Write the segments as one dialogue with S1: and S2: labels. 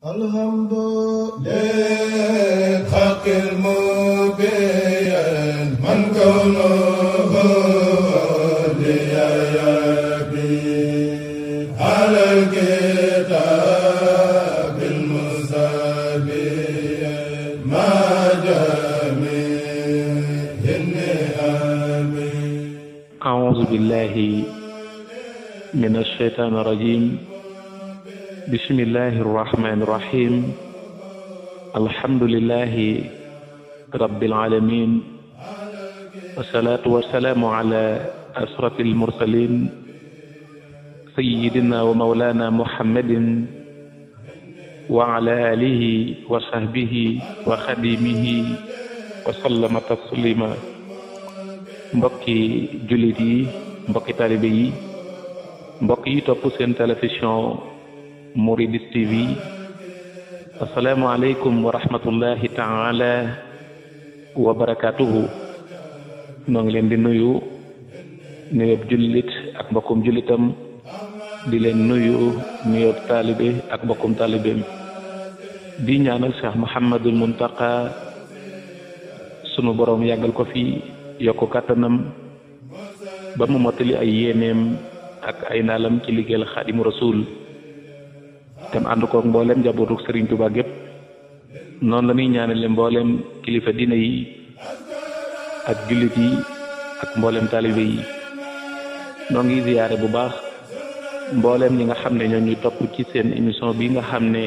S1: الحمد للحق المبين من كونه ليبي على الكتاب المستبين ما جميع النعم أعوذ بالله من الشيطان الرجيم bismillahi irrahmani irrahim alhamdulilahi rabbil alamin wasalaatu wasalaamu ala ashraf almursalin sayidina wa maulana muhammadin wa ala alihi wa sahbihi wa xadimihi wa sallama taslima mbokki jullit yi mbokki taalibe yi mbokk yi topp seen télévision Mouridis TV asalaamaaleykum wa rahmatullahi taala wa barakaatuhu noo ngi leen di nuyu nuyoob jullit ak mbokkum jullitam di leen nuyu nuyoob taalibe ak mbokkum taalibeem di ñaanal Cheikh Mouhamadul Muntaqa sunu boroom yàggal ko fi yokk kàttanam ba mu mottali ay yéeneem ak ay naalam ci liggéeyal Xaadimu Rasuul te ànd koog mboolem njabootuk Serigne Touba gépp noonu la ñuy ñaanale mboolem kilifa dina yi ak jullit yi ak mboolem taalibe yi noo ngi ziyaare bu baax mboolem ñi nga xam ne ñoo topp ci seen émission bi nga xam ne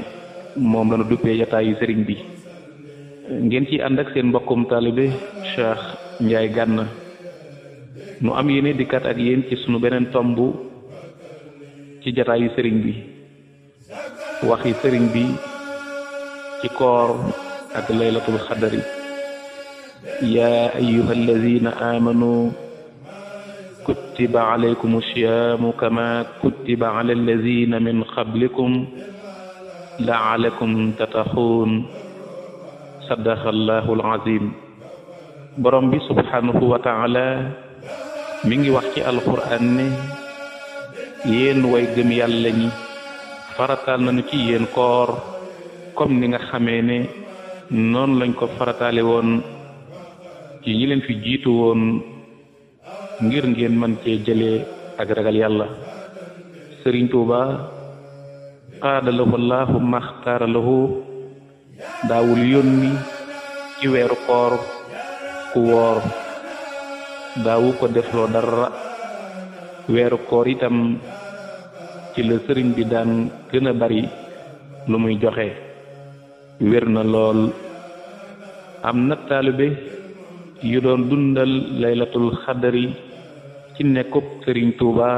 S1: moom la ñu duppee yataayu sëriñ bi ngeen ci ànd ak seen mbokkum taalibe Cheikh Ndiaye Gana nu am yéene dikkat ak yéen ci suñu beneen tomb ci jataayu sëriñ bi. waxi sëriñ bi ci koor ak laylatul xadari yaa ayuha alladina amanu kutiba alaykum siyaamu kama kutiba ala alladina min qablikum laalakum tataxuun sadaqallahu alazim borom bi subhanahu wa taala mi ngi wax ci alquran ne yéen way gëm yàlla ñi farataal nañu ci yéen koor kom ni nga xamee ne noonu lañ ko farataale woon ci ñi leen fi jiitu woon ngir ngeen mën cee jëlee ak ragal yàlla sëriñ tuuba qaada lahu allahu maxtaara lahu daawul yónni ci weeru koor ku woor daawu ko defloo dara weeru koor itam ci la sëriñ bi daan gën bari lu muy joxe wér na lool am na taalibe yu doon dundal laylatul xadari ci nekkub sëriñ tuuba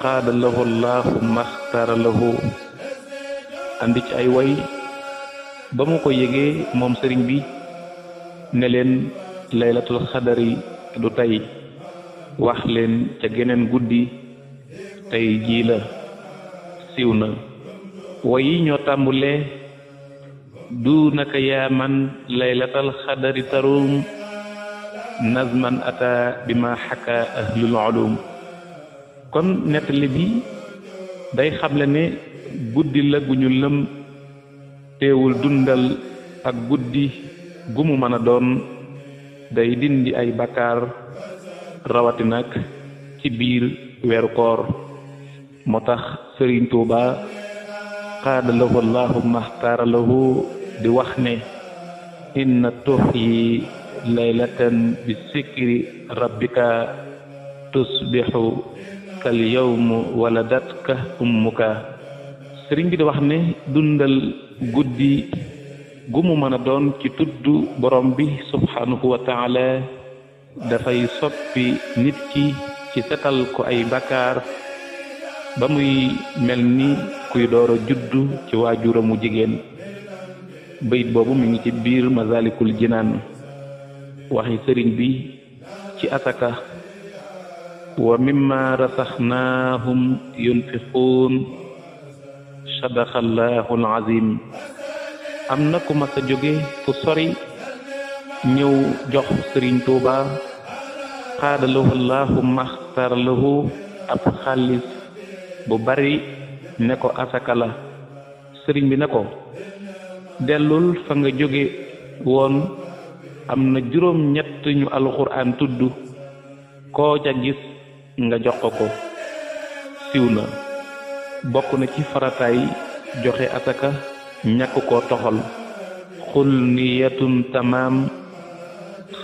S1: xaada lahu laahu maxtara lahu andi ci ay way ba mu ko yégee moom sëriñ bi ne leen laylatul xadari du tey wax leen ca geneen guddi tey jii la siiw na way yi ñoo tàmbulee du naka yaa man laylatal xadari tarum nazman ata bi ma xaka ahlul ulum kon nettali bi day xamle ne guddi la gu ñu lëm teewul dundal ak guddi gu mu mën a doon day dindi ay bakkaar rawatina ci biir weeru koor moo tax sëriñ Tuuba qaala lahu allahumma axtaara di wax ne inna tux yi laylatan bi sikri rabbika tusbixu kal walla waladatka ummuka sëriñ bi di wax ne dundal guddi gu mu mën a doon ci tudd borom bi subhanahu wa dafay soppi nit ki ci setal ko ay bakkaar ba muy mel ni kuy door a juddu ci waajuramu jigéen bayit boobu mu ngi ci biir masalikul jinaan waxi sëriñ bi ci ataka wa mimma rasaxnaahum yunfiquun sadaqallahu alazim am na ku mas a jóge fu sori ñëw jox sëriñ tuuba xaadalahu allahu maxtarlahu ab xaalis bu bari ne ko asaka la sëriñ bi ne ko dellul fa nga jóge woon am na juróom ñett ñu alxuraan tudd koo ca nga jox ko ko siw na bokk na ci farataay joxe asaka ñàkk ko toxal xul niyatun tamaam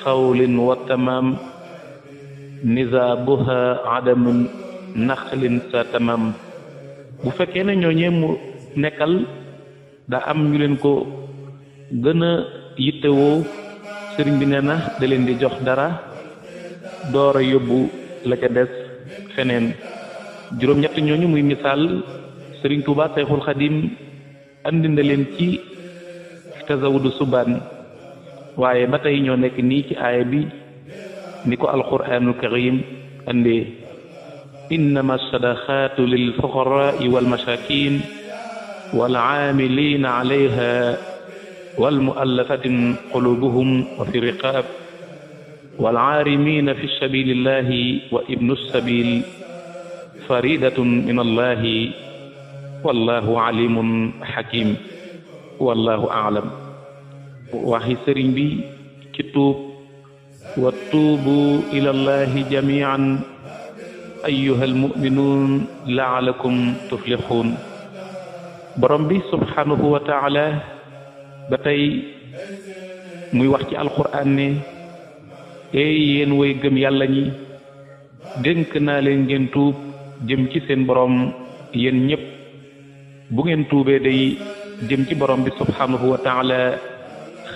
S1: xawlin wa tamaam nisaabuha adamun naqlin sa tamam bu fekkee ne ñooñee mu nekkal daa am ñu leen ko gën a yittewoo sëriñ bi nee na da leen di jox dara door a yóbbu la ca des feneen juróom-ñett ñooñu muy misaal sëriñ Tuuba Sayxul Xadim andi na leen ci tazawudu subaan waaye ba tey ñoo nekk nii ci aaya bi ni ko alquraanul karim andee إنما الصدقات للفقراء والمساكين والعاملين عليها والمؤلفة قلوبهم وفي الرقاب والعارمين في سبيل الله وابن السبيل فريدة من الله والlahu alimun hakim wallahu aalam waxi sëriñ bi ci tuub wa tuubu ilallahi jamian ayyuha almuminuun laalakum tuflixuun borom bi subhanahu wa taala ba tey muy wax ci alquran ne eey yéen way gëm yàlla ñi dénk naa leen ngeen tuub jëm ci seen borom yéen ñépp bu ngeen tuubee day jëm ci borom bi subhanahu wa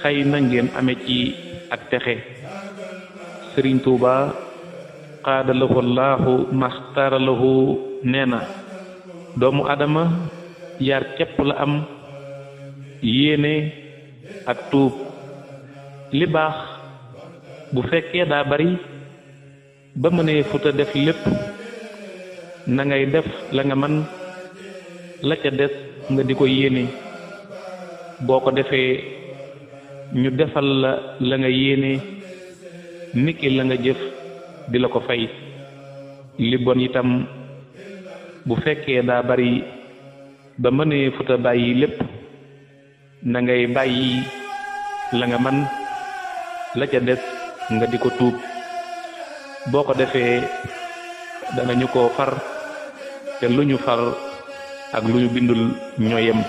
S1: xëy na ngeen ame ci ak texe Sëriñ Tuuba qaada lahu laahu maxtaara lahu nee na doomu aadama yar képp la am yéene ak tuub li baax bu fekkee daa bari ba mënee futa def lépp na ngay def la nga man la ca des nga di ko yéene boo ko defee ñu defal la la nga yéene niki la nga jëf di la ko fay li yitam bu fekkee daa bari ba mënee futa bàyyi lépp nangay ngay bàyyi la nga man la ca des nga di ko tuub boo ko defee danga danañu koo far te lu ñu far ak lu ñu bindul ñooyem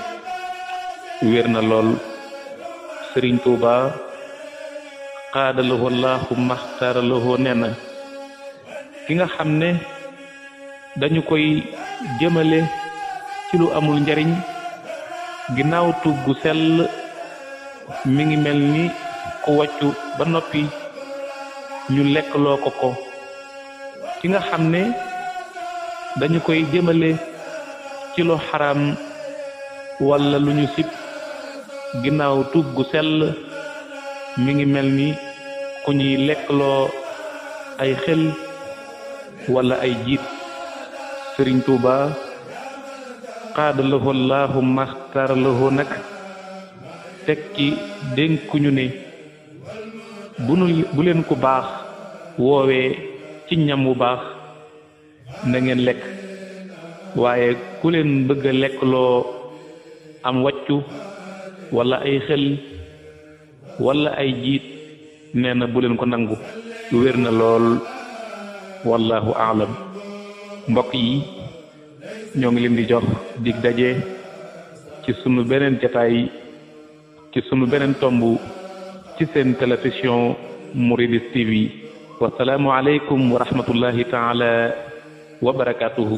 S1: wér na lool sëriñ Tuuba xaadalahu allahumma xtaaralahu nee na yi nga xam ne dañu koy jëmale ci lu amul njariñ ginnaaw tuub gu sell mi ngi mel ni ku wàccu ba noppi ñu lekk loo ko ko ki nga xam ne dañu koy jëmale ci lu xaraam walla lu ñu sib ginnaaw tuub gu sell mi ngi mel ni ku ñuy lekkloo ay xel walla ay jiit sëriñ tuuba xaada lahu laahu maxtaar lahu nag teg ci dénkuñu ne bu nu bu leen ku baax woowee ci ñam wu baax na ngeen lekk waaye ku leen bëgg a lekk loo am wàccu wala ay xel wala ay jiit nee na bu leen ko nangu wér na lool wallahu aalam mbokk yi ñoo ngi leen di jox dig daje ci sunu beneen jataay ci sunu beneen tomb ci seen télévision Mouridis TV wasalaamu aleykum wa rahmatullahi taala wa barakatuhu